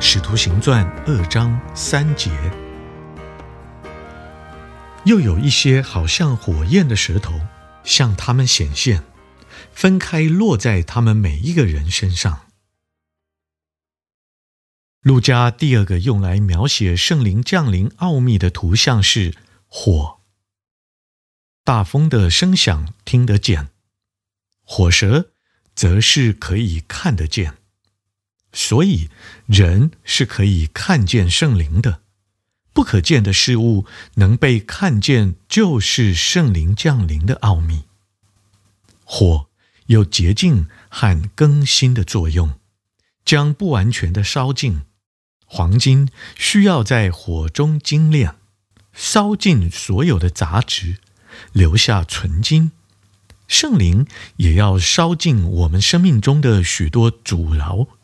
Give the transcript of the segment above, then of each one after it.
《使徒行傳》二章三節，又有一些好像火焰的舌頭向他們顯現，分開落在他們每一個人身上。路加第二個用來描寫聖靈降臨奧秘的圖像是火，大風的聲響聽得見，火舌則是可以看得見。所以，人是可以看見聖靈的。不可見的事物能被看見，就是聖靈降臨的奧秘。火有潔淨和更新的作用，將不完全的燒盡。黃金需要在火中精煉，燒盡所有的雜質，留下純金。聖靈也要燒盡我們生命中的許多阻撓。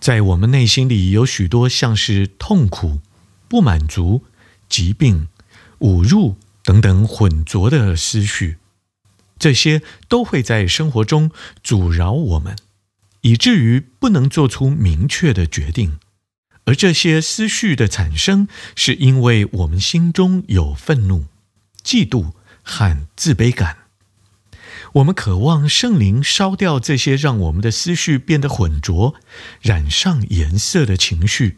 在我們內心裡有許多像是痛苦、不滿足、疾病、侮辱等等混濁的思緒，這些都會在生活中阻擾我們，以至於不能做出明確的決定。而這些思緒的產生，是因為我們心中有憤怒、嫉妒和自卑感。我們渴望聖靈燒掉這些讓我們的思緒變得渾濁、染上顏色的情緒，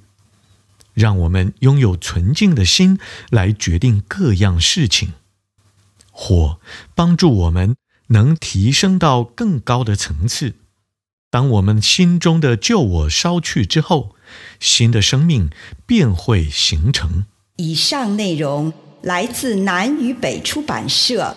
讓我們擁有純淨的心來決定各樣事情。火幫助我們能提升到更高的層次。當我們心中的舊我燒去之後，新的生命便會形成。以上內容來自南與北出版社。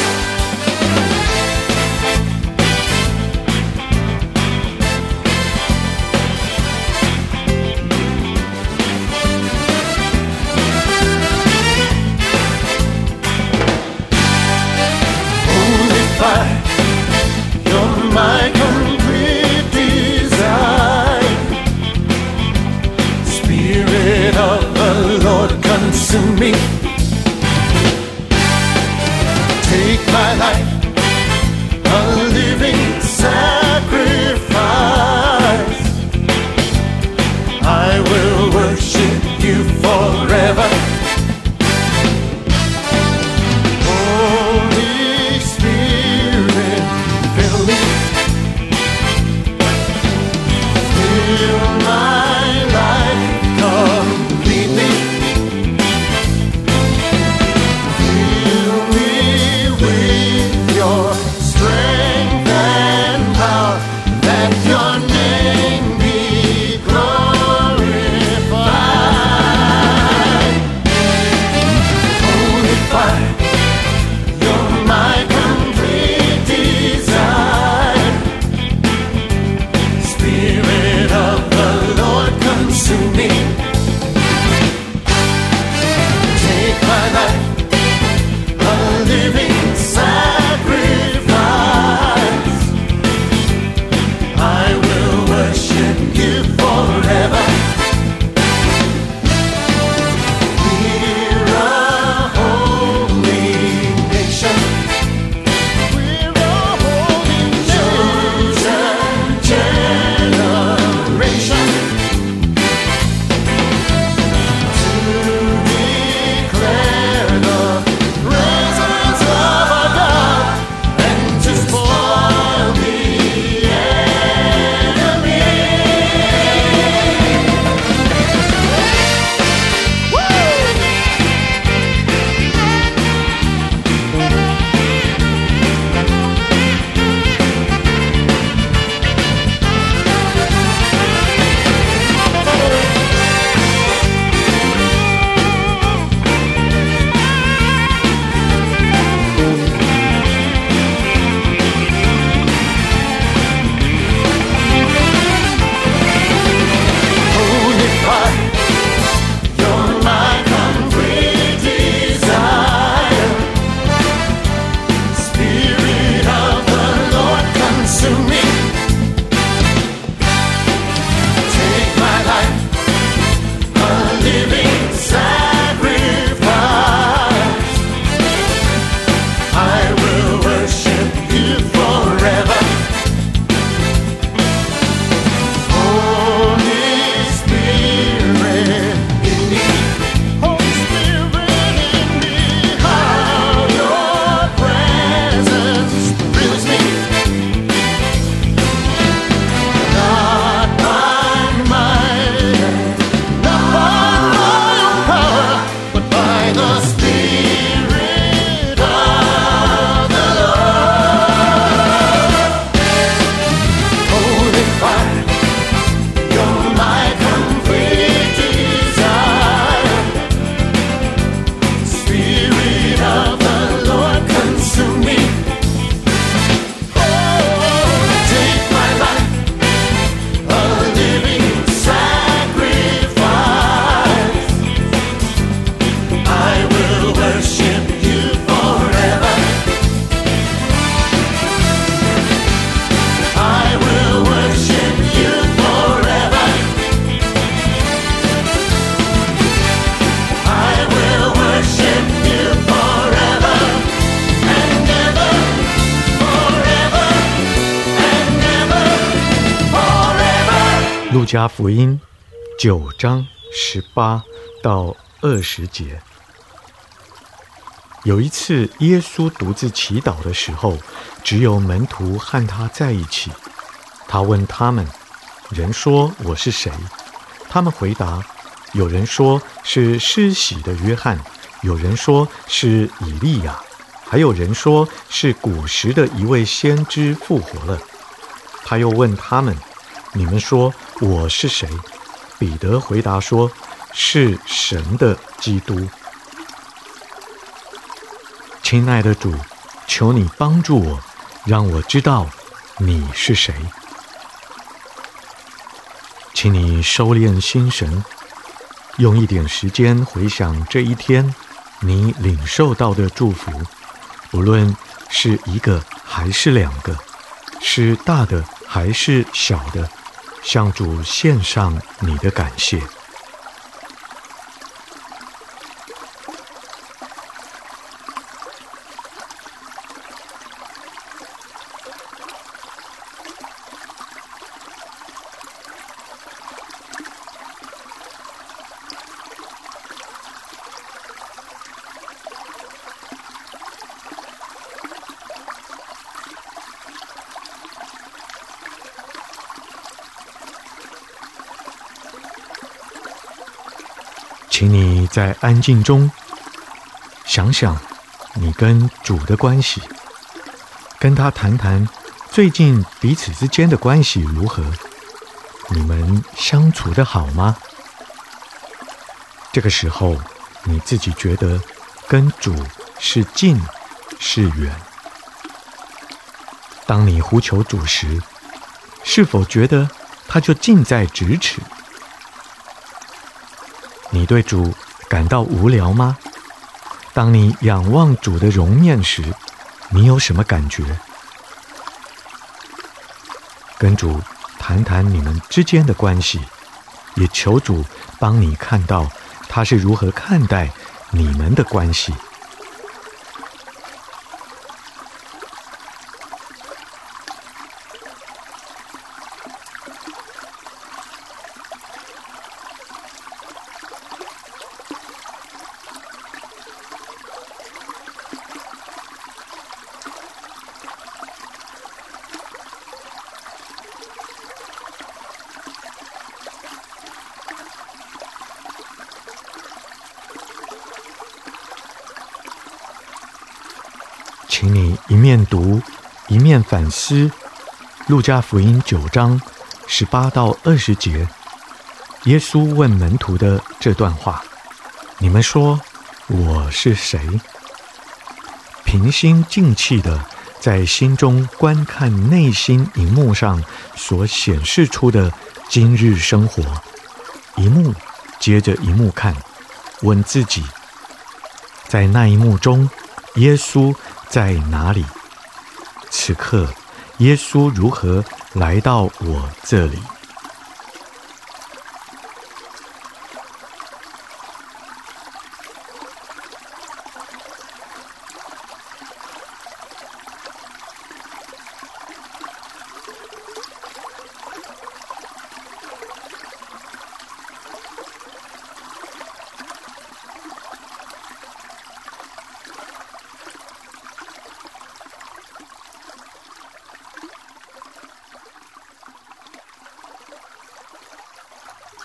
加福音九章十八到二十節。有一次，耶穌獨自祈禱的時候，只有門徒和他在一起。他問他們：“人說我是誰？”他們回答：“有人說是施洗的約翰，有人說是以利亞，還有人說是古時的一位先知復活了。”他又問他們：“你們說，”我是誰？彼得回答說：“是神的基督。”親愛的主，求你幫助我，讓我知道你是誰。請你收斂心神，用一點時間回想這一天你領受到的祝福，不論是一個還是兩個，是大的還是小的。向主獻上你的感謝。請你在安靜中想想，你跟主的關係，跟他談談最近彼此之間的關係如何，你們相處得好嗎？這個時候，你自己覺得跟主是近是遠？當你呼求主時，是否覺得他就近在咫尺？你對主感到無聊嗎？當你仰望主的容面時，你有什麼感覺？跟主談談你們之間的關係，也求主幫你看到他是如何看待你們的關係。請你一面讀，一面反思《路加福音》九章十八到二十節，耶穌問門徒的這段話：“你們說我是誰？”平心靜氣地在心中觀看內心熒幕上所顯示出的今日生活，一幕接著一幕看，問自己，在那一幕中。耶穌在哪裡？此刻，耶穌如何來到我這裡？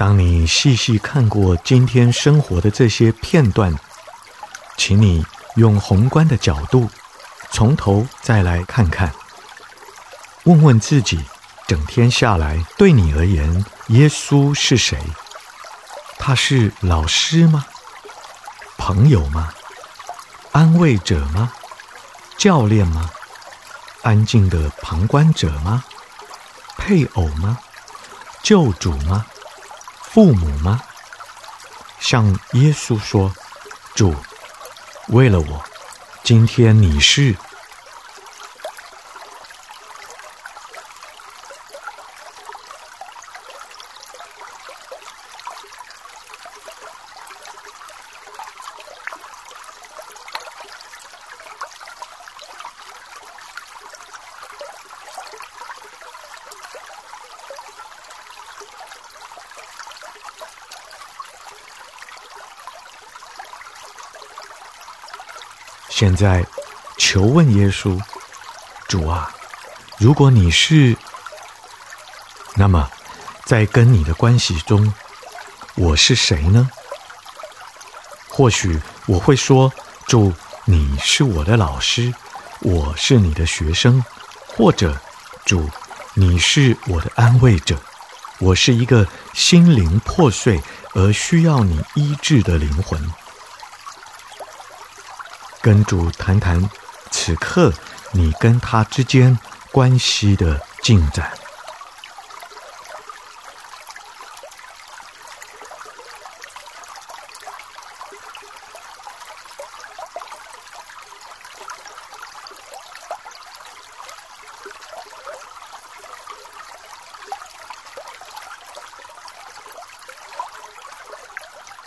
當你細細看過今天生活的這些片段，請你用宏觀的角度，從頭再來看看，問問自己：整天下來，對你而言，耶穌是誰？他是老師嗎？朋友嗎？安慰者嗎？教練嗎？安靜的旁觀者嗎？配偶嗎？救主嗎？父母嗎？向耶穌說：“主，為了我，今天你是。”現在，求問耶穌，主啊，如果你是，那麼，在跟你的關係中，我是誰呢？或許我會說，主，你是我的老師，我是你的學生，或者，主，你是我的安慰者，我是一個心靈破碎而需要你醫治的靈魂。跟主談談，此刻你跟他之間關係的進展。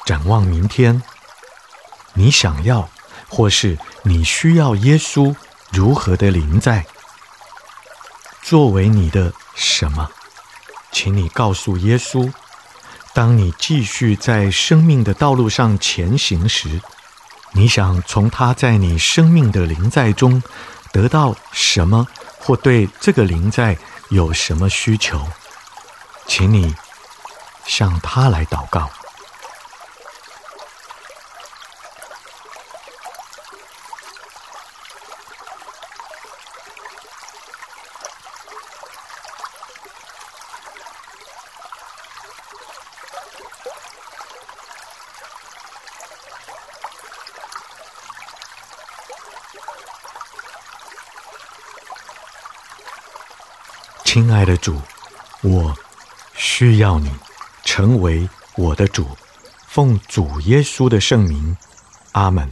展望明天，你想要。或是你需要耶穌如何的臨在，作為你的什麼？請你告訴耶穌，當你繼續在生命的道路上前行時，你想從他在你生命的臨在中得到什麼，或對這個臨在有什麼需求？請你向他來禱告。親愛的主，我需要你成為我的主，奉主耶穌的聖名，阿門。